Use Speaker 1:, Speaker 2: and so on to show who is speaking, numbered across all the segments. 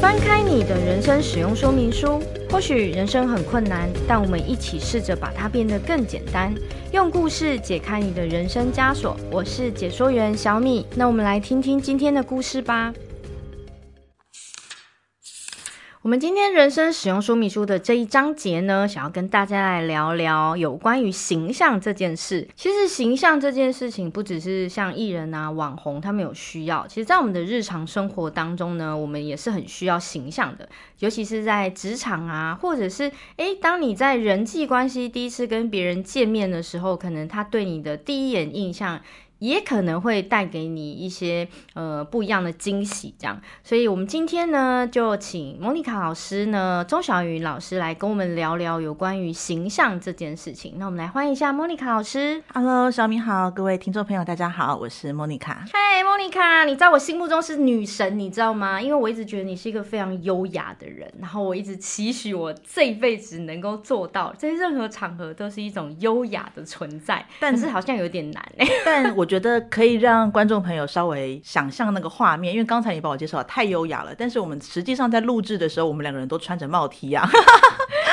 Speaker 1: 翻開你的人生使用說明書，或許人生很困難，但我們一起試着把它變得更簡單。用故事解開你的人生枷鎖，我是解說員小米。那我們來聽聽今天的故事吧。我們今天人生使用說明書的這一章節呢，想要跟大家來聊聊有關於形象這件事。其實形象這件事情，不只是像藝人啊、網紅他們有需要，其實，在我們的日常生活當中呢，我們也是很需要形象的，尤其是在職場啊，或者是欸，當你在人際關係第一次跟別人見面的時候，可能他對你的第一眼印象。也可能會帶給你一些呃不一樣的驚喜，這樣。所以，我們今天呢，就請 Monica 老師呢，鍾曉雲老師來跟我們聊聊有關於形象這件事情。那我們來歡迎一下 Monica 老師。Hello，小米好，各位聽眾朋友，大家好，我是 Monica。嘿，Monica，你在我心目中是女神，你知道嗎？因為我一直覺得你是一個非常優雅的人，然後我一直期許我這輩子能夠做到，在任何場合都是一種優雅的存在。但是好像有點難哎、欸，
Speaker 2: 但我。 我覺得可以讓觀眾朋友稍微想象那個畫面，因為剛才你把我介紹太優雅了，但是我們實際上在錄制的時候，我們兩個人都穿着帽 T 啊。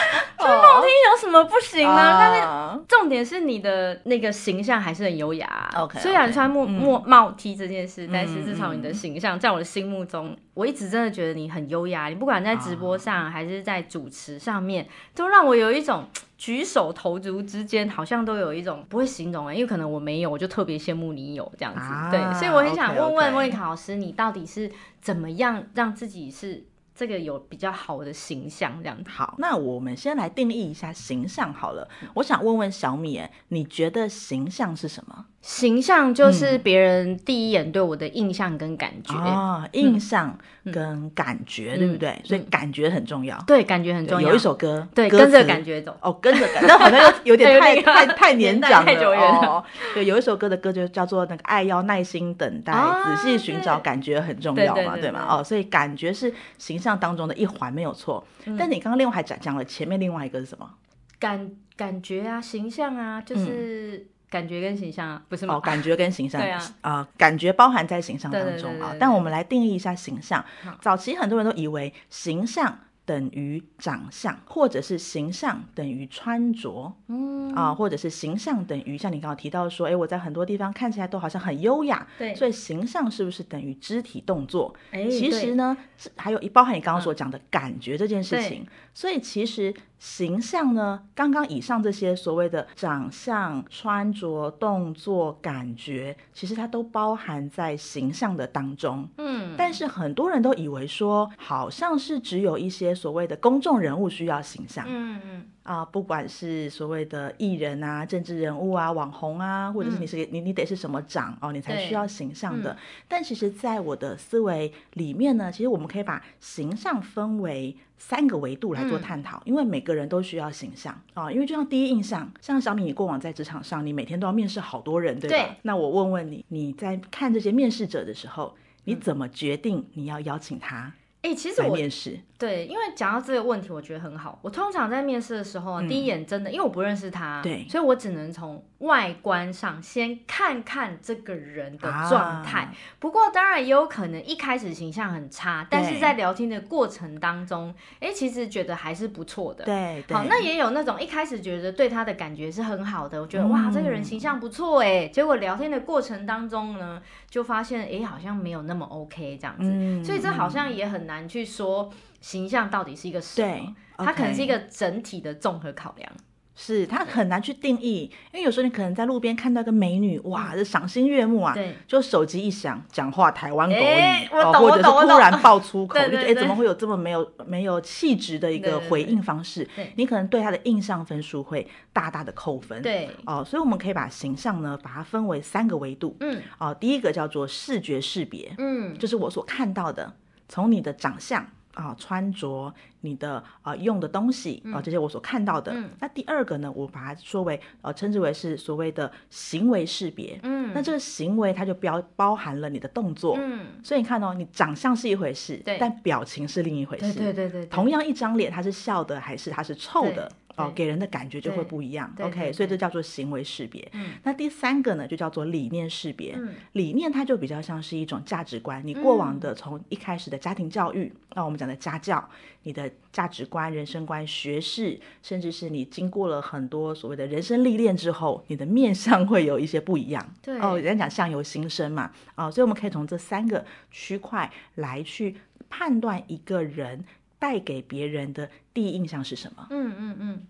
Speaker 1: 哦哦、帽 T 有什麼不行呢？啊啊。但是重點是你的那個形象還是很優雅啊。Okay, okay, 雖然穿帽帽、嗯、帽 T 這件事、嗯，但是至少你的形象、嗯、在我的心目中、嗯，我一直真的覺得你很優雅。你不管在直播上還是在主持上面，啊、都讓我有一種舉手投足之間好像都有一種不會形容、欸、因為可能我沒有，我就特別羨慕你有這樣子啊。對，所以我很想問 okay, okay, 問莫妮卡老師，你到底是怎麼樣讓自己是？這個有比較好的形象，
Speaker 2: 這樣好。那我們先來定義一下形象好了。嗯、我想問問小米，你覺得形象是什麼？
Speaker 1: 形象就是別人第一眼對我的印象跟感覺、嗯、哦，印象
Speaker 2: 跟感覺、嗯、對不對、嗯？所以感覺很重要，對，感覺很重要。有一首歌，對，跟着感覺走。哦，跟着感覺，那 好像有點太 太太，太年長了， 年了、哦，對，有一首歌的歌就叫做那個“愛要耐心等待，啊、仔細尋找，感覺很重要嘛，對，對，對，對，對，對，對嗎？哦，所以感覺是形象當中的一環，沒有錯。嗯、但你剛剛另外還講，講了前面另外一個是什麼？嗯、
Speaker 1: 感感覺啊，形象啊，就是。嗯感覺跟形象，不是嗎？哦、啊，感
Speaker 2: 覺跟形象，對啊、呃，感覺包含在形象當中啊。但我們來定義一下形象。早期很多人都以為形象。等於長相，或者是形象等於穿着，
Speaker 3: 嗯啊，
Speaker 2: 或者是形象等於像你剛剛提到說，哎，我在很多地方看起來都好像很優雅，對，所以形象是不是等於肢體動作？哎，其實呢，還有一包含你剛剛所講的感覺這件事情，嗯，所以其實形象呢，剛剛以上這些所謂的長相、穿着、動作、感覺，其實它都包含在形象的當中，嗯，但是很多人都以為說，好像是只有一些。所謂的公眾人物需要形象，嗯嗯啊，不管是所謂的藝人啊、政治人物啊、網紅啊，或者是你是、嗯、你你得是什麼長哦，你才需要形象的。嗯、但其實，在我的思維裡面呢，其實我們可以把形象分為三個維度來做探討、嗯，因為每個人都需要形象啊、哦。因為就像第一印象，像小米，你過往在職場上，你每天都要面試好多人，對吧？對。那我問問你，你在看這些面試者的時候，你怎麼決定你要邀請他？嗯
Speaker 1: 哎、欸，其實我面試，對，因為講到這個問題，我覺得很好。我通常在面試的時候、嗯、第一眼真的，因為我不認識他，對，所以我只能從外觀上先看看這個人的狀態、啊。不過當然也有可能一開始形象很差，但是在聊天的過程當中，哎、欸，其實覺得還是不錯的對。對，好，那也有那種一開始覺得對他的感覺是很好的，我覺得、嗯、哇，這個人形象不錯哎，結果聊天的過程當中呢，就發現哎、欸，好像沒有那麼 OK 這樣子，嗯、所以這好像也很難。難去說形象到底是一個什麼？對、okay，它可能是一個整體的綜合考量。
Speaker 2: 是，它很難去定義，因為有時候你可能在路邊看到一個美女、嗯，哇，這賞心悅目啊。對。就手機一響，講話台灣國語、欸哦，或者是突然爆粗口，就覺得哎、欸，怎麼會有這麼沒有沒有氣質的一個回應方式？對對對對、對，你可能對她的印象分數會大大的扣分。對。哦，所以我們可以把形象呢，把它分為三個維度。嗯。哦，第一個叫做視覺識別。嗯，就是我所看到的。從你的長相啊、穿着、你的啊，用的東西啊、嗯，這些我所看到的、嗯。那第二個呢，我把它說為呃稱之為是所謂的行為識別。嗯，那這個行為它就包包含了你的動作。嗯，所以你看哦，你長相是一回事，對、嗯，但表情是另一回事。對對對，對對，同樣一張臉，他是笑的還是他是臭的？哦，給人的感覺就會不一樣。OK，對對對，所以這叫做行為識別。嗯，那第三個呢，就叫做理念識別。嗯、理念它就比較像是一種價值觀、嗯。你過往的從一開始的家庭教育，那、嗯哦、我們講的家教，你的價值觀、人生觀、學識，甚至是你經過了很多所謂的人生歷練之後，你的面相會有一些不一樣。對，哦，人家講相由心生嘛。啊、哦，所以我們可以從這三個區塊來去判斷一個人。帶給別人的第一印象是什麼？嗯
Speaker 1: 嗯嗯，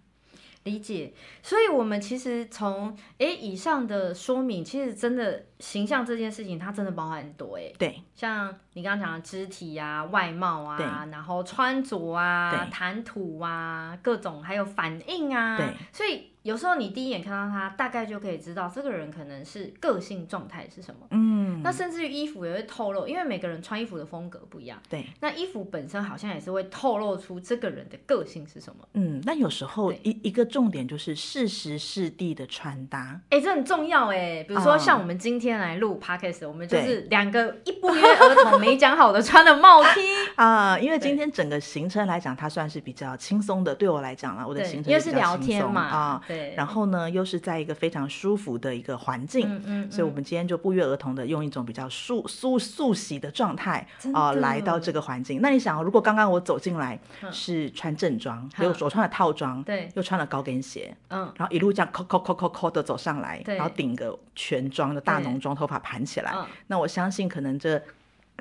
Speaker 1: 理解。所以，我們其實從誒、欸、以上的說明，其實真的形象這件事情，嗯、它真的包含很多、欸。誒，對，像。你剛剛講的肢體啊、外貌啊，然後穿着啊、談吐啊，各種還有反應啊，所以有時候你第一眼看到他，大概就可以知道這個人可能是個性狀態是什麼。嗯，那甚至於衣服也會透露，因為每個人穿衣服的風格不一樣。對，那衣服本身好像也是會透露出這個人的個性是什麼。
Speaker 2: 嗯，那有時候一一個重點就是適時適地的穿搭。
Speaker 1: 哎、欸，這很重要哎。比如說像我們今天來錄 Podcast，嗯，我們就是兩個一不約而同，沒講好的，穿了帽 T
Speaker 2: 啊，啊，因為今天整個行程來講，它算是比較輕鬆的。對我來講我的行程又是聊天嘛啊，對。然後呢，又是在一個非常舒服的一個環境，嗯，嗯，嗯，所以我們今天就不約而同的用一種比較素素素洗的狀態的啊，來到這個環境。那你想、哦，如果剛剛我走進來、嗯、是穿正裝，還有、嗯、我穿了套裝，對、嗯，又穿了高跟鞋，
Speaker 1: 嗯，然
Speaker 2: 後一路這樣摳摳摳摳摳的走上來，然後頂個全妝的大濃妝，頭髮盤起來，那我相信可能這。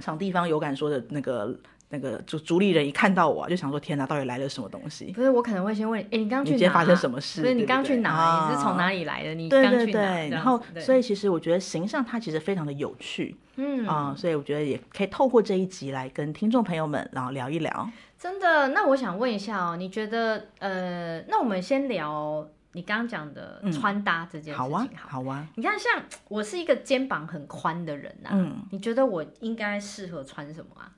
Speaker 2: 場地方有敢說的那個那個主主理人，一看到我，啊，就想說天哪，到底來了什麼東西？不
Speaker 1: 是我可能會先問，哎，欸，你剛剛去哪，啊？發生什麼事？不是對不對你剛去哪，哦？你是從哪裡來的？你剛去哪對對對？然後，所以其
Speaker 2: 實我覺得形象它其實非常的有趣，
Speaker 1: 嗯啊，呃，
Speaker 2: 所以我覺得也可以透過這一集來跟聽眾朋友們然後聊一聊。
Speaker 1: 真的，那我想問一下哦，你覺得呃，那我們先聊。你剛剛講的穿搭這件事情、
Speaker 2: 嗯，好啊，好啊好，
Speaker 1: 你看，像我是一個肩膀很寬的人吶、啊嗯，你覺得我應該適合穿什麼啊？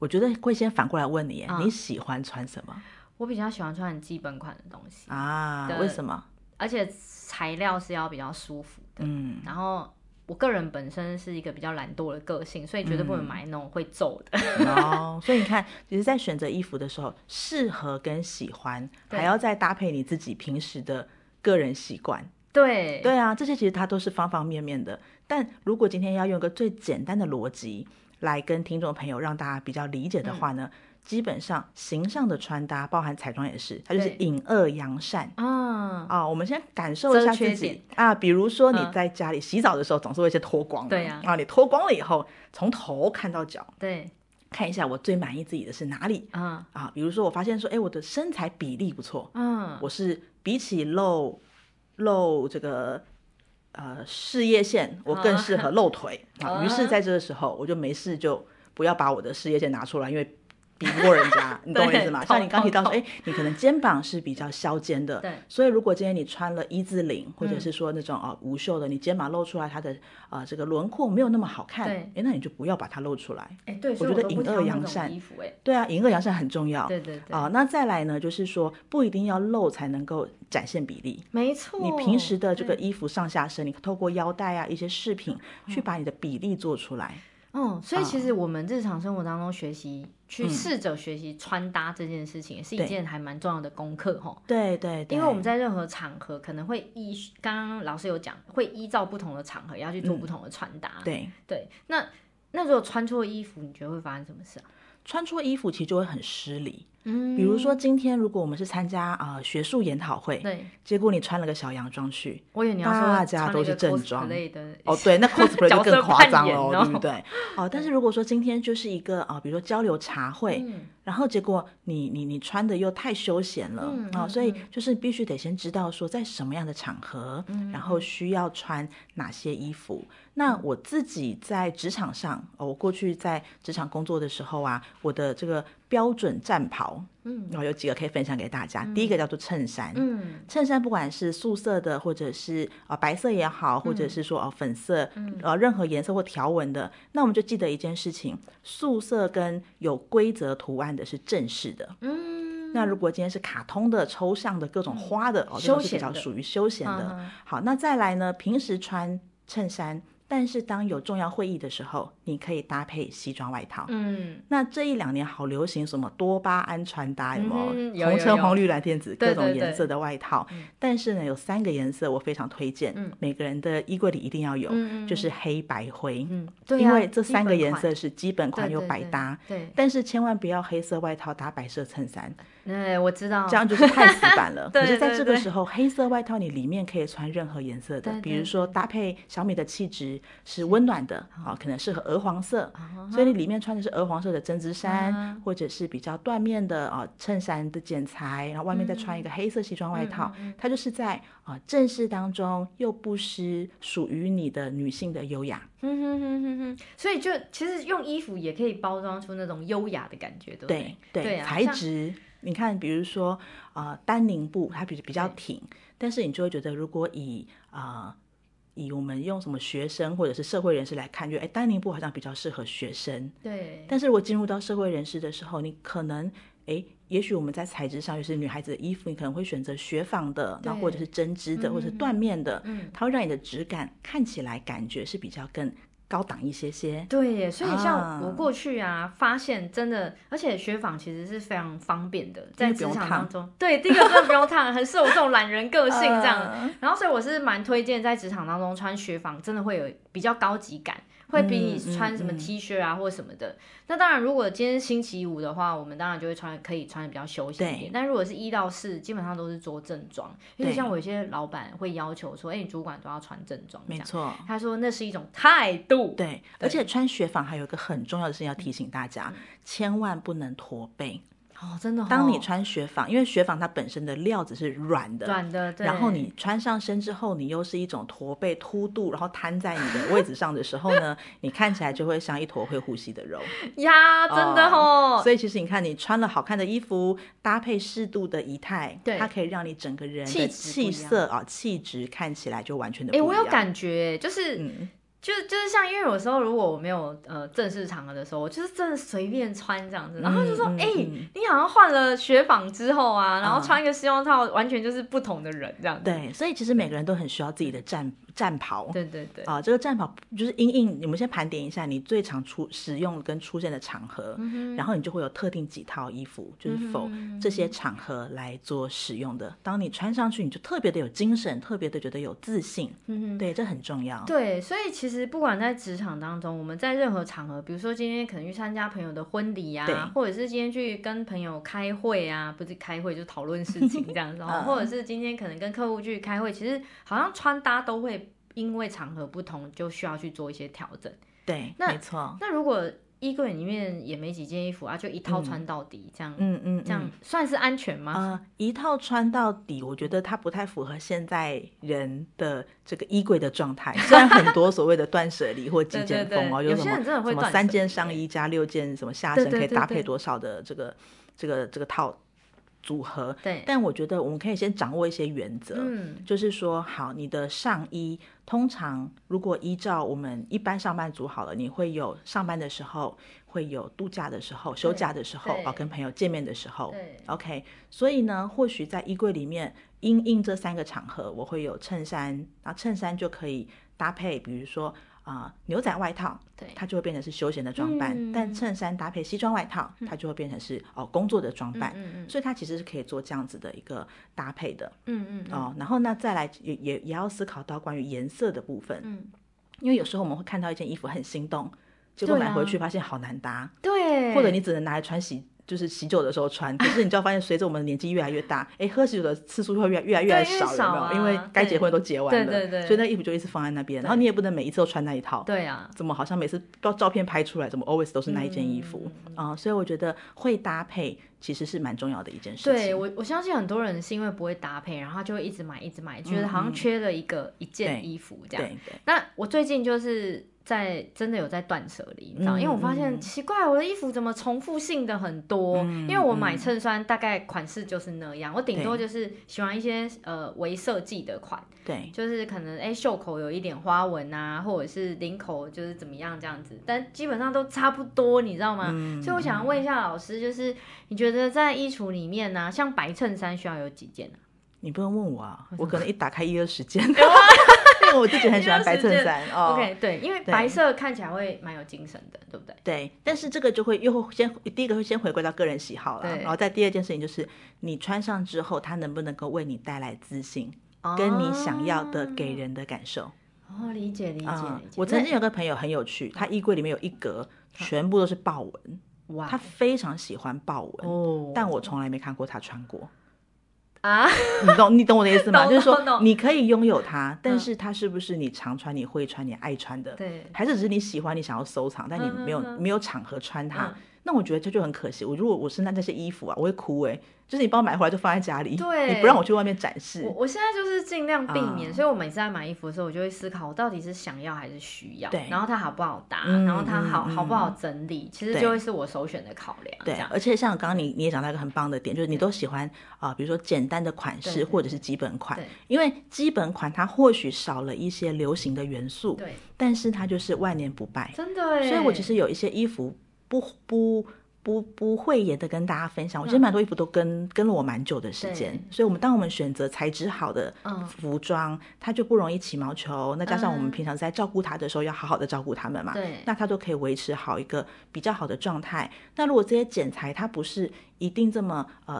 Speaker 2: 我覺得會先反過來問你、嗯，你喜歡穿什麼？
Speaker 1: 我比較喜歡穿很基本款的東西啊，為什麼？而且材料是要比較舒服的，嗯，然後。我個人本身是一個比較懶惰的個性，所以絕對不會買那種會皺的。
Speaker 2: 哦、嗯， 所以你看，其實在選擇衣服的時候，適合跟喜歡，還要再搭配你自己平時的個人習慣。
Speaker 1: 對，
Speaker 2: 對啊，這些其實它都是方方面面的。但如果今天要用一個最簡單的邏輯來跟聽眾朋友讓大家比較理解的話呢？嗯基本上形象的穿搭，包含彩妝也是，它就是隱惡揚善
Speaker 3: 啊、uh,
Speaker 2: 啊！我們先感受一下自己啊，比如說你在家裡洗澡的時候，uh, 總是會先脫光，對呀啊,啊！你脫光了以後，從頭看到腳，對，看一下我最滿意自己的是哪裡啊、uh, 啊！比如說我發現說，哎、欸，我的身材比例不錯，嗯、uh,，我是比起露露這個呃事業線，我更適合露腿 uh. Uh. 啊。於是在這個時候，我就沒事就不要把我的事業線拿出來，因為。比不過人家， 你懂我意思嗎？像你剛提到說誒、欸，你可能肩膀是比較削肩的，對。所以如果今天你穿了一字領或者是說那種啊、呃、無袖的，你肩膀露出來，它的啊、呃、這個輪廓沒有那麼好看，誒、欸，那你就不要把它露出來。欸、對，我覺得隱惡揚善，對啊，隱惡揚善很重要。對對對。啊、呃，那再來呢，就是說不一定要露才能夠展現比例。沒錯。你平時的這個衣服上下身，你透過腰帶啊一些飾品、嗯、去把你的比例做出
Speaker 1: 來。哦，所以其實我們日常生活當中學習去試着學習穿搭這件事情，也是一件還蠻重要的功課哈、嗯。對對，對，因為我們在任何場合可能會依，剛剛老師有講，會依照不同的場合要去做不同的穿搭。嗯、對對，那那如果穿錯衣服，你覺得會發生什麼事啊？穿錯衣服其實就會很失禮。比如說，
Speaker 2: 今天如果我們是參加啊、呃、學術研討會，對，結果你穿了個小洋裝去，我以為你要說要大家都是正裝。哦，對，那 cosplay 就更誇張了、哦嗯，對不對？哦、呃，但是如果說今天就是一個啊、呃，比如說交流茶會。嗯然後結果你你你穿的又太休閒了啊、嗯嗯嗯哦，所以就是必須得先知道說在什麼樣的場合嗯嗯，然後需要穿哪些衣服。那我自己在職場上，哦，我過去在職場工作的時候啊，我的這個標準戰袍。嗯，然後有幾個可以分享給大家、嗯。第一個叫做襯衫，嗯，襯衫不管是素色的，或者是白色也好，嗯、或者是說哦粉色，嗯，呃任何顏色或條紋的，那我們就記得一件事情：素色跟有規則圖案的是正式的，嗯。那如果今天是卡通的、抽象的各種花的，嗯、哦，都是比較屬於休閒的。休閒的 uh-huh. 好，那再來呢？平時穿襯衫。但是當有重要會議的時候，你可以搭配西裝外套。嗯，那這一兩年好流行什麼多巴胺穿搭，什、嗯、麼紅橙黃綠藍靛紫各種顏色的外套對對對。但是呢，有三個顏色我非常推薦、嗯，每個人的衣櫃裡一定要有嗯嗯，就是黑白灰。嗯啊、因為這三個顏色是基本款又百搭對對對對對對。但是千萬不要黑色外套搭白色襯衫。
Speaker 1: 對，我知道，這樣就是太死板了。可 是在這個時
Speaker 2: 候，黑色外套你裡面可以穿任何顏色的，比如說搭配小米的氣質是溫暖的啊、嗯哦，可能適合鵝黃色，嗯、所以你裡面穿的是鵝黃色的針織衫，嗯、或者是比較緞面的啊、哦、襯衫的剪裁、嗯，然後外面再穿一個黑色西裝外套，嗯嗯嗯、它就是在啊、呃、正式當中又不失屬於你的女性的優雅。嗯,嗯,嗯,
Speaker 1: 嗯,嗯,嗯所以就其實用衣服也可以包裝出那種優雅的感覺，對對,對,對、啊，材質。
Speaker 2: 你看，比如說，啊、呃，丹寧布它比比較挺，但是你就會覺得，如果以啊、呃，以我們用什麼學生或者是社會人士來看，就誒，丹寧布好像比較適合學生。對。但是如果進入到社會人士的時候，你可能誒，也許我們在材質上就是女孩子的衣服，你可能會選擇雪紡的，那或者是針織的，或者是緞面的，嗯，它會讓你的質感看起來感覺是比較更。高檔一些些，
Speaker 1: 對，所以像我過去啊，啊發現真的，而且雪紡其實是非常方便的，在職場當中，對，第一個真的不用燙， 很適合我這種懶人個性這樣。呃、然後，所以我是蠻推薦在職場當中穿雪紡，真的會有比較高級感。會比你穿什麼 T 恤啊、嗯嗯、或什麼的。那當然，如果今天星期五的話，我們當然就會穿，可以穿得比較休閒一點。但如果是一到四，基本上都是做正裝。對，像我有些老板會要求說：“哎，你主管都要穿正裝。”沒錯，他說那是一種態度。對，
Speaker 2: 對，而且穿雪紡還有一個很重要的事要提醒大家，嗯、千萬不能駝背。
Speaker 1: 哦，真的、哦。當你穿
Speaker 2: 雪紡，因為雪紡它本身的料子是軟的，軟的，對。然後你穿上身之後，你又是一種駝背、凸肚，然後癱在你的位置上的時候呢， 你看起來就會像一坨會呼吸的肉。
Speaker 1: 呀，真的哦。Oh, 所
Speaker 2: 以其實你看，你穿了好看的衣服，搭配適度的儀態，它可以讓你整個人的氣色啊、哦，氣質看起來就完全的不一樣。哎，我有感覺，
Speaker 1: 就是。嗯就是就是像，因為有時候如果我沒有呃正式場合的時候，我就是真的隨便穿這樣子，嗯、然後就說，哎、嗯欸，你好像換了雪紡之後啊、嗯，然後穿一個西裝套，完全就是不同的人這樣。對，所以其實每
Speaker 2: 個人都很需要自己的站。戰袍，對對對，啊、呃，這個戰袍就是因應，你們先盤點一下你最常出使用跟出現的場合、嗯，然後你就會有特定幾套衣服、嗯，就是否這些場合來做使用的。當你穿上去，你就特別的有精神，特別的覺得有自信、嗯，對，這很重要。對，
Speaker 1: 所以其實不管在職場當中，我們在任何場合，比如說今天可能去參加朋友的婚禮呀、啊，或者是今天去跟朋友開會啊，不是開會就討論事情這樣子、 嗯，或者是今天可能跟客戶去開會，其實好像穿搭都會。因為場合不同，就需要去做一些調整。對，那沒錯。那如果衣櫃裡面也沒幾件衣服啊，就一套穿到底，嗯、這樣，嗯嗯，這樣算是安全嗎？嗯、呃，
Speaker 2: 一套穿到底，我覺得它不太符合現在人的這個衣櫃的狀態。雖然很多所謂的斷捨離或極簡風哦，有些人真的會什麼三件上衣加六件什麼下身可以搭配多少的這個對對對對對這個、這個、這個套。組合對，但我覺得我們可以先掌握一些原則，嗯，就是說好，你的上衣通常如果依照我們一般上班族好了，你會有上班的時候，會有度假的時候，休假的時候，哦，跟朋友見面的時候，OK，所以呢，或許在衣櫃裡面因應這三個場合，我會有襯衫，那襯衫就可以搭配，比如說。啊，牛仔外套，對，它就會變成是休閒的裝扮；嗯、但襯衫搭配西裝外套、嗯，它就會變成是哦工作的裝扮。嗯，嗯，嗯，所以它其實是可以做這樣子的一個搭配的。嗯嗯，嗯，哦，然後呢，再來也也也要思考到關於顏色的部分。嗯，因為有時候我們會看到一件衣服很心動，
Speaker 3: 結果買回去發現
Speaker 2: 好難搭。
Speaker 3: 對、啊，或者你只
Speaker 2: 能拿來穿洗。就是喜酒的時候穿，可是你就要發現，隨着我們的年紀越來越大，哎、 欸，喝喜酒的次數會越來越來越少，有沒有？啊、因為該結婚都結完了，對對對對，所以那衣服就一直放在那邊。然後你也不能每一次都穿那一套，對啊，怎麼好像每次照照片拍出來，怎麼 always 都是那一件衣服啊？嗯嗯 uh, 所以我覺得會搭配其實是蠻重要的一件事情。對我，
Speaker 1: 我相信很多人是因為不會搭配，然後就會一直買，一直買，覺、嗯、得、嗯就是、好像缺了一個一件衣服這樣。對對對，那我最近就是。在真的有在斷捨離，你知道、嗯？因為我發現、嗯、奇怪，我的衣服怎麼重複性的很多？嗯、因為我買襯衫大概款式就是那樣，嗯、我頂多就是喜歡一些呃微設計的款，對，就是可能哎、欸、袖口有一點花紋啊，或者是領口就是怎麼樣這樣子，但基本上都差不多，你知道嗎？嗯、所以我想要問一下老師，就是你覺得在衣櫥裡面呢、啊，像白襯衫需要有幾件、啊、你不用問我啊我，我可能一打開一二十件。 我自己很喜歡白襯衫。就是就 oh, OK，對，因為白色看起來會蠻有精神的，對不對？
Speaker 2: 對，但是這個就會又會先，第一個會先回歸到個人喜好了，然後再第二件事情就是你穿上之後，它能不能夠為你帶來自信
Speaker 1: ，oh. 跟你想
Speaker 2: 要的給人的感受。
Speaker 1: 哦、oh,，理解理解、uh, 理解。我曾經
Speaker 2: 有個朋友很有趣，他衣櫃裡面有一格全部都是豹紋，哇、oh.，他非常喜歡豹紋哦，oh. 但我從來沒看過他穿過。啊， 你懂你懂我的意思嗎？ 就是說，你可以擁有它，但是它是不是你常穿、你會穿、你愛穿的？對、嗯，還是只是你喜歡、你想要收藏，但你沒有嗯嗯嗯沒有場合穿它？嗯那我覺得這就很可惜。我如果我身上這些衣服啊，我會哭哎。就是你幫我買回來就放在家裡，對，你不讓我去外面展示。我我
Speaker 1: 現在就是盡量避免。嗯、所以我每次在買衣服的時候，我就會思考，我到底是想要還是需要。對。然後它好不好搭？嗯、然後它好好不好整理、嗯，其實就會是我首選的考量。
Speaker 2: 對。對。而且像剛剛你你也講到一個很棒的點，就是你都喜歡啊、呃，比如說簡單的款式或者是基本款，因為基本款它或許少了一些流行的元素，對。但是它就是萬年不敗，真的。所以我其實有一些衣服。不不不不會也得跟大家分享，我其實蠻多衣服都跟、嗯、跟了我蠻久的時間，所以，我們當我們選擇材質好的服裝、嗯，它就不容易起毛球。那加上我們平常在照顧它的時候，要好好的照顧它們嘛、嗯，那它都可以維持好一個比較好的狀態。那如果這些剪裁它不是一定這麼呃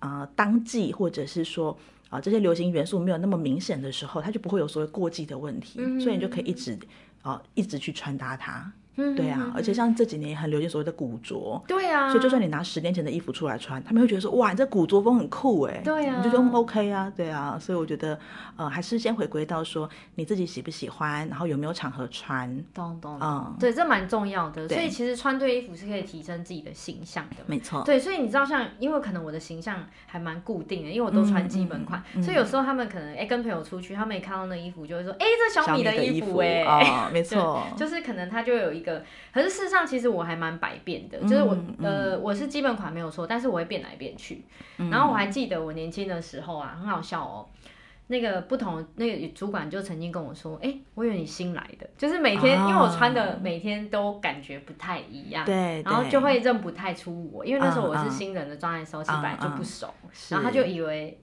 Speaker 2: 啊、呃、當季，或者是說啊、呃、這些流行元素沒有那麼明顯的時候，它就不會有所謂過季的問題、嗯，所以你就可以一直啊、呃、一直去穿搭它。 對啊，而且像這幾年也很流行所謂的古着，對啊，所以就算你拿十年前的衣服出來穿，他們會覺得說哇，你這古着風很酷哎，對啊，你就說 OK 啊，對啊，所以我覺得呃還是先回歸到說你自己喜不喜歡，然後有沒有場合穿，咚咚啊，
Speaker 1: 對，這蠻重要的。所以其實穿對衣服是可以提升自己的形象的，沒錯。對，所以你知道像因為可能我的形象還蠻固定的，因為我都穿基本款，嗯嗯嗯嗯，所以有時候他們可能哎、欸、跟朋友出去，他們也看到那衣服就會說哎、欸、這小米的衣服哎、欸哦，沒錯， 就是可能他就會有一。可是，事實上，其實我還蠻百變的，嗯、就是我，呃、嗯，我是基本款沒有錯，但是我會變來變去、嗯。然後我還記得我年輕的時候啊，很好笑哦。那個不同，那個主管就曾經跟我說：“哎，我以為你新來的，就是每天、哦，因為我穿的每天都感覺不太一樣，對，對然後就會認不太出我，因為那時候我是新人的狀態，時候是、嗯、本來就不熟、嗯嗯，然後他就以為。”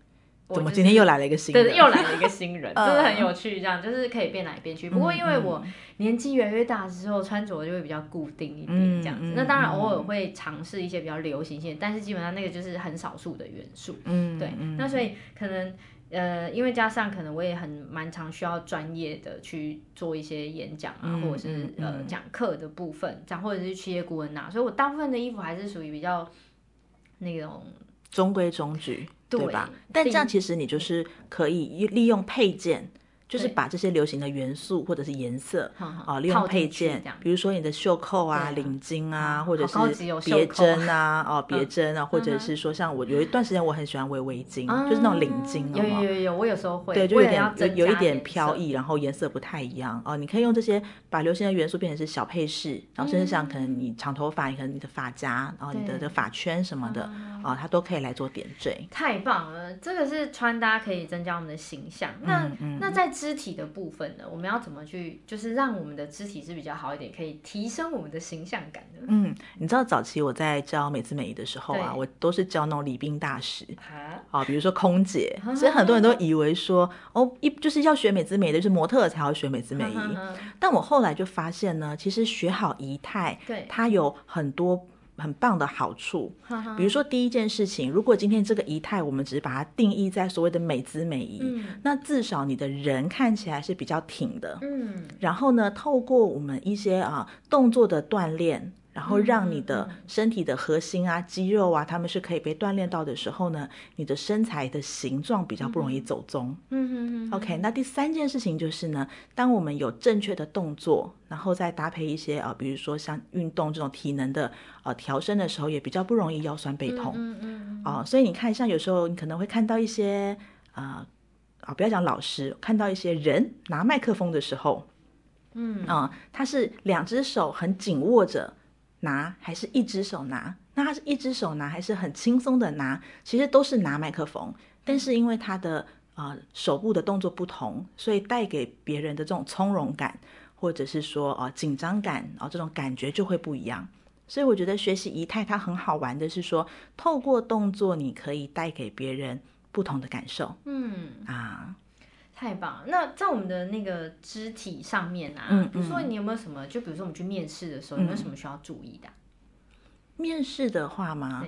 Speaker 1: 就是、怎麼今天又來了一個新人？對，又來了一個新
Speaker 2: 人，真 的很有
Speaker 1: 趣。這樣就是可以變來變去、嗯。不過因為我年紀越來越大之後，嗯、穿着就會比較固定一點，這樣子、嗯嗯。那當然偶爾會嘗試一些比較流行一些、嗯，但是基本上那個就是很少數的元素。嗯，對。嗯、那所以可能呃，因為加上可能我也很蠻常需要專業的去做一些演講啊、嗯，或者是、嗯、呃講課的部分，講或者是去一些顧問啊，所以我大部分的衣服還是屬於比較那個種
Speaker 2: 中規中矩。對吧？但這樣其實你就是可以利用配件。就是把這些流行的元素或者是顏色、嗯、啊，利用配件，比如說你的袖扣啊、啊領巾啊，嗯、或者是別針啊，啊，哦，別針啊、嗯，或者是說像我有一段時間我很喜歡圍圍巾、嗯，就是那種領巾，嗯、有有
Speaker 1: 有有，我有時候會，對，就有點有有一點
Speaker 2: 飄逸，然後顏色不太一樣哦、啊。你可以用這些把流行的元素變成是小配飾，然後甚至像可能你長頭髮，嗯、你可能你的髮夾，然後你的的髮圈什麼的、嗯、啊，它都可以來做點綴。
Speaker 1: 太棒了，這個是穿搭可以增加我們的形象。嗯、那那在。嗯肢體的部分呢，我們要怎麼去，就是讓我們的肢體是比較好一點，可以提升我們的形象感的。
Speaker 2: 嗯，你知道早期我在教美姿美儀的時候啊，我都是教那種禮賓大使啊，啊，比如說空姐哈哈，所以很多人都以為說哦，一就是要學美姿美儀的，就是模特才要學美姿美儀，但我後來就發現呢，其實學好儀態，對，它有很多。很棒的好處， 比如說第一件事情，如果今天這個儀態，我們只是把它定義在所謂的美姿美儀，嗯，那至少你的人看起來是比較挺的。嗯，然後呢，透過我們一些啊動作的鍛鍊。然後讓你的身體的核心啊、嗯嗯、肌肉啊，他們是可以被鍛鍊到的時候呢，你的身材的形狀比較不容易走鐘，
Speaker 3: 嗯嗯、嗯、嗯 OK，那
Speaker 2: 第三件事情就是呢，當我們有正確的動作，然後再搭配一些啊、呃，比如說像運動這種體能的啊、呃、調身的時候，也比較不容易腰酸背痛。嗯嗯。哦、嗯呃，所以你看，像有時候你可能會看到一些啊啊、呃哦，不要講老師，看到一些人拿麥克風的時候，
Speaker 3: 嗯啊、呃，
Speaker 2: 他是兩只手很緊握着。拿還是一只手拿，那他是一只手拿，還是很輕鬆的拿，其實都是拿麥克風，但是因為他的呃手部的動作不同，所以帶給別人的這種從容感，或者是說呃緊張感，啊、呃、這種感覺就會不一樣。所以我覺得學習儀態它很好玩的是說，透過動作你可以帶給別人不同的感受。嗯啊。
Speaker 1: 太棒了，那在我們的那個肢體上面啊，嗯嗯，比如說你有沒有什麼？就比如說我們去面試的時候，嗯，有沒有什麼需要注意的？
Speaker 2: 面試的話嘛，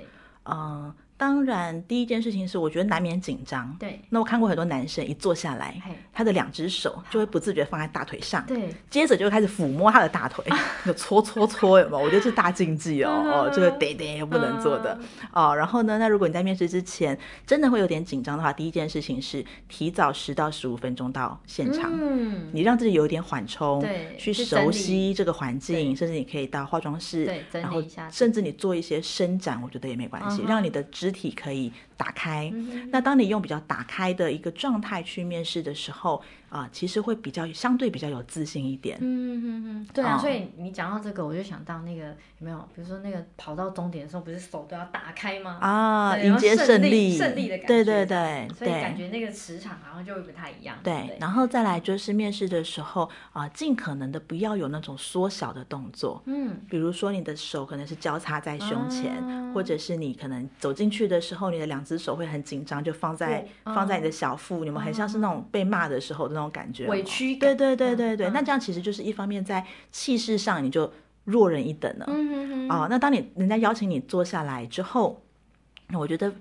Speaker 2: 嗯。呃當然，第一件事情是我覺得難免緊張。對，那我看過很多男生一坐下來，他的兩隻手就會不自覺放在大腿上。對，接着就開始撫摸他的大腿，啊、戳戳戳有搓搓搓，有嗎？我覺得是大禁忌哦、啊、哦，這個得得不能做的、啊、哦，然後呢，那如果你在面試之前真的會有點緊張的話，第一件事情是提早十到十五分鐘到現場，嗯，你讓自己有一點緩衝，對，去熟悉這個環境，甚至你可以到化妝室，對，然後，整理一下，甚至你做一些伸展，我覺得也沒關係，嗯、讓你的。肢體可以。打開、嗯哼哼，那當你用比較打開的一個狀態去面試的時候，啊、呃，其實會比較相對比較有自信一點。嗯嗯
Speaker 1: 嗯，對啊，嗯、所以你講到這個，我就想到那個有沒有？比如說那個跑到終點的時候，不是手都要打開嗎？啊，有有迎接勝利，勝利的感覺，對對對，對。感覺那個磁場，然後就會不太一樣對對。
Speaker 2: 對，然後再來就是面試的時候啊，盡、呃、可能的不要有那種縮小的動作。嗯，比如說你的手可能是交叉在胸前，嗯、或者是你可能走進去的時候，你的兩。隻手會很緊張，就放在、嗯、放在你的小腹、嗯，你們很像是那種被罵的時候的那種感覺，委屈。對對對對對、嗯，那這樣其實就是一方面在氣勢上你就弱人一等了。嗯嗯嗯、啊。那當你人家邀請你坐下來之後，我覺得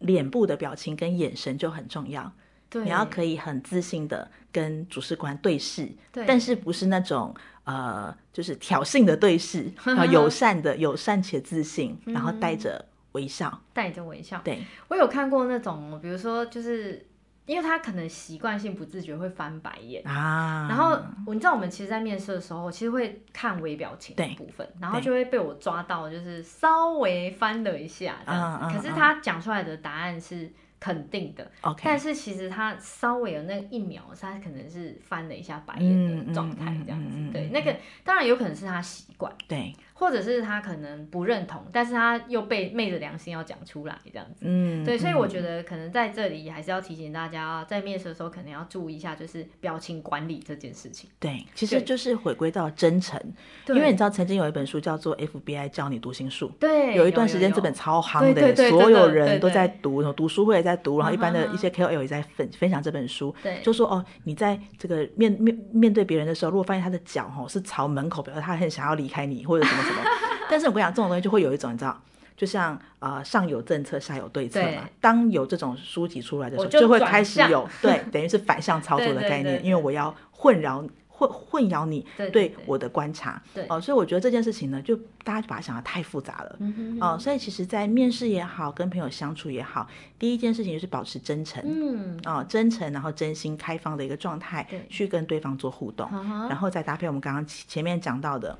Speaker 2: 臉部的表情跟眼神就很重要。
Speaker 3: 對，你要可
Speaker 2: 以很自信的跟主試官對視對，但是不是那種呃，就是挑釁的對視， 然後友善的，友善且自信，嗯、然後帶着。微笑
Speaker 1: 帶着微笑，對，我有看過那種，比如說，就是因為他可能習慣性不自覺會翻白眼啊。然後，你知道我們其實，在面試的時候，其實會看微表情的部分，然後就會被我抓到，就是稍微翻了一下這樣子。可是他講出來的答案是肯定的，嗯嗯嗯，但是其實他稍微有那一秒，他可能是翻了一下白眼的狀態這樣子，嗯嗯嗯嗯嗯。對，那個當然有可能是他習慣，對。或者是他可能不認同，但是他又被昧着良心要講出來這樣子，嗯，對，所以我覺得可能在這裡還是要提醒大家，在面試的時候，可能要注意一下就是表情管理這件事情。
Speaker 2: 對，其實就是回歸到真誠，因為你知道曾經有一本書叫做《FBI 教你讀心術》，對，有，有，有一段時間這本超夯的對對對，所有人都在讀，對對對在讀，對對對讀書會也在讀，然後一般的一些 KOL 也在分、uh -huh. 分享這本書，對，就是、說哦，你在這個面面面對別人的時候，如果發現他的腳哈是朝門口，表示他很想要離開你，或者什麼。 但是我跟你講，這種東西就會有一種你知道，就像呃上有政策下有對策嘛、啊。當有這種書籍出來的時候，就，就會開始有對，等於是反向操作的概念， 對對對對，因為我要混淆、混混淆你對我的觀察。對哦、呃，所以我覺得這件事情呢，就大家就把它想的太複雜了。哦、呃，所以其實在面試也好，跟朋友相處也好，第一件事情就是保持真誠。嗯哦、呃，真誠，然後真心開放的一個狀態，去跟對方做互動，uh -huh、然後再搭配我們剛剛前面講到的。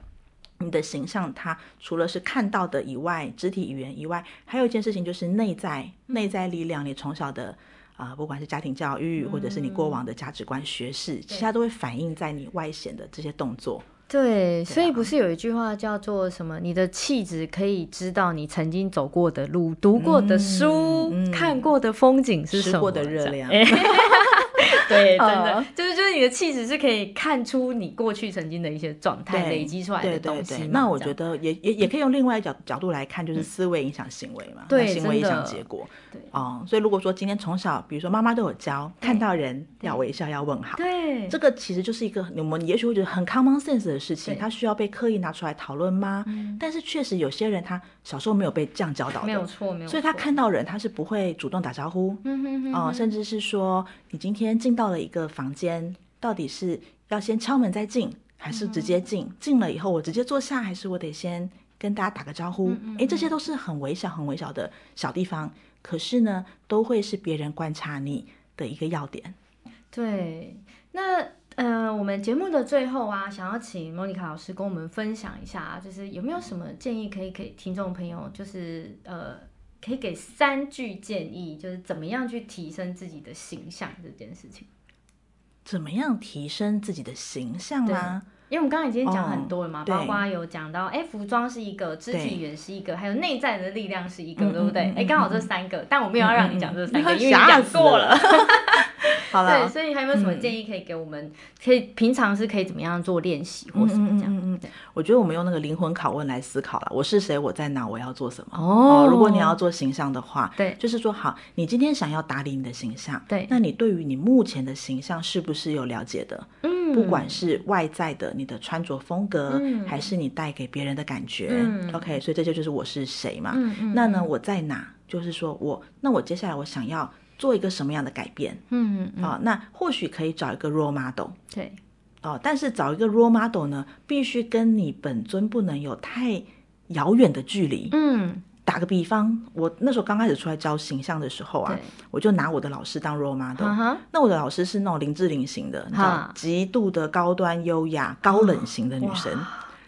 Speaker 2: 你的形象，它除了是看到的以外，肢體語言以外，還有一件事情就是內在、嗯、內在力量。你從小的啊、呃，不管是家庭教育，或者是你過往的價值觀學、學、嗯、識，其他都會反映在你外顯的這些動作。對、
Speaker 1: 對、啊，所以不是有一句話叫做什麼？你的氣質可以知道你曾經走過的路、讀過的書、嗯嗯、看過的風景是什麼？吃過的熱量。 對、嗯，真的就是就是你的氣質是可以看出你過去曾經的一些狀態累積出來的東西。對對對，對。那我覺
Speaker 2: 得也也、嗯、也可以用另外一個角角度來看，就是思維影響行為嘛，對、嗯，行為影響結果。嗯、對。哦、嗯，所以如果說今天從小，比如說媽媽都有教，看到人要微笑，要問好，對，對這個其實就是一個你們也許會覺得很 common sense 的事情，它需要被刻意拿出來討論嗎？但是確實有些人他小時候沒有被這樣教導的，沒有
Speaker 1: 錯，沒有錯。所以他
Speaker 2: 看到人他是不會主動打招呼，嗯哼
Speaker 1: 哼哼嗯哼哼嗯。甚
Speaker 2: 至是說你今天進到了一個房間，到底是要先敲門再進，還是直接進？嗯、進了以後，我直接坐下，還是我得先跟大家打個招呼、嗯嗯？誒，這些都是很微小、很微小的小地方，可是呢，都會是別人觀察你的一個要點。
Speaker 1: 對，那呃，我們節目的最後啊，想要請莫妮卡老師跟我們分享一下，就是有沒有什麼建議可以給聽眾朋友，就是呃。可以給三句建議，就是怎麼樣去提升自己的形象這件事情？
Speaker 2: 怎麼樣提升自己的形象呢？因為
Speaker 1: 我們剛剛已經講很多了嘛、哦，包括有講到，哎，服裝是一個，肢體語言是一個，還有內在的力量是一個，對，對不對？哎、嗯嗯，剛好這三個，嗯、但我沒有要讓你講這三個，嗯嗯、因為你講過了。 好了，所以你還有沒有什麼建議可以給我們？可以平常是可以怎麼樣做練習，或是這樣？嗯嗯，嗯，嗯我覺得我們用
Speaker 2: 那個靈魂拷問來思考了：我是誰？我在哪？我要做什麼？哦。哦。如果你要做形象的話，對，就是說，好，你今天想要打理你的形象，對，那你對於你目前的形象是不是有了解的？嗯。不管是外在的，你的穿着風格，嗯，還是你帶給別人的感覺，嗯，OK。所以這些就是我是誰嘛？嗯，嗯嗯。那呢？我在哪？就是說我，那我接下來我想要。做一個什麼樣的改變？嗯啊、嗯嗯呃，那或許可以找一個 role model。對，哦、呃，但是找一個 role model 呢，必須跟你本尊不能有太遙遠的距離。嗯，打個比方，我那時候剛開始出來教形象的時候啊，我就拿我的老師當 role model、uh -huh。那我的老師是那種林志玲型的，你知道極度的高端優雅、uh -huh、高冷型的女生。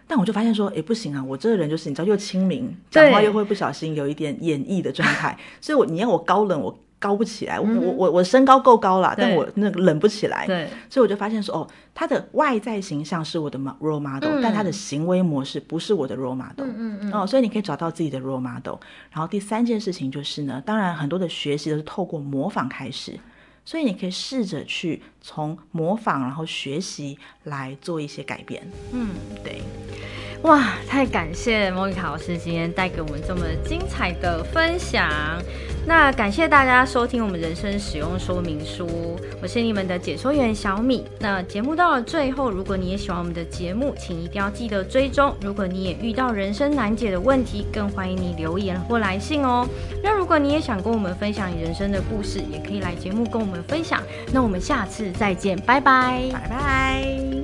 Speaker 2: 但我就發現說，誒、欸，不行啊，我這個人就是你知道，又親民，講話又會不小心有一點演繹的狀態。所以我你要我高冷，我。高不起來，我、嗯、我我我身高夠高了，但我那個冷不起來，對，所以我就發現說，哦，他的外在形象是我的 role model，、嗯、但他的行為模式不是我的 role model，嗯嗯嗯，哦，所以你可以找到自己的 role model。然後第三件事情就是呢，當然很多的學習都是透過模仿開始，所以你可以試着去從模仿，然後學習來做一些改變。嗯，
Speaker 1: 對，哇，太感謝莫妮卡老師今天帶給我們這麼精彩的分享。那感謝大家收聽我們《人生使用說明書》，我是你們的解說員小米。那節目到了最後，如果你也喜歡我們的節目，請一定要記得追蹤。如果你也遇到人生難解的問題，更歡迎你留言或來信哦。那如果你也想跟我們分享你人生的故事，也可以來節目跟我們分享。那我們下次再見，拜拜，拜拜。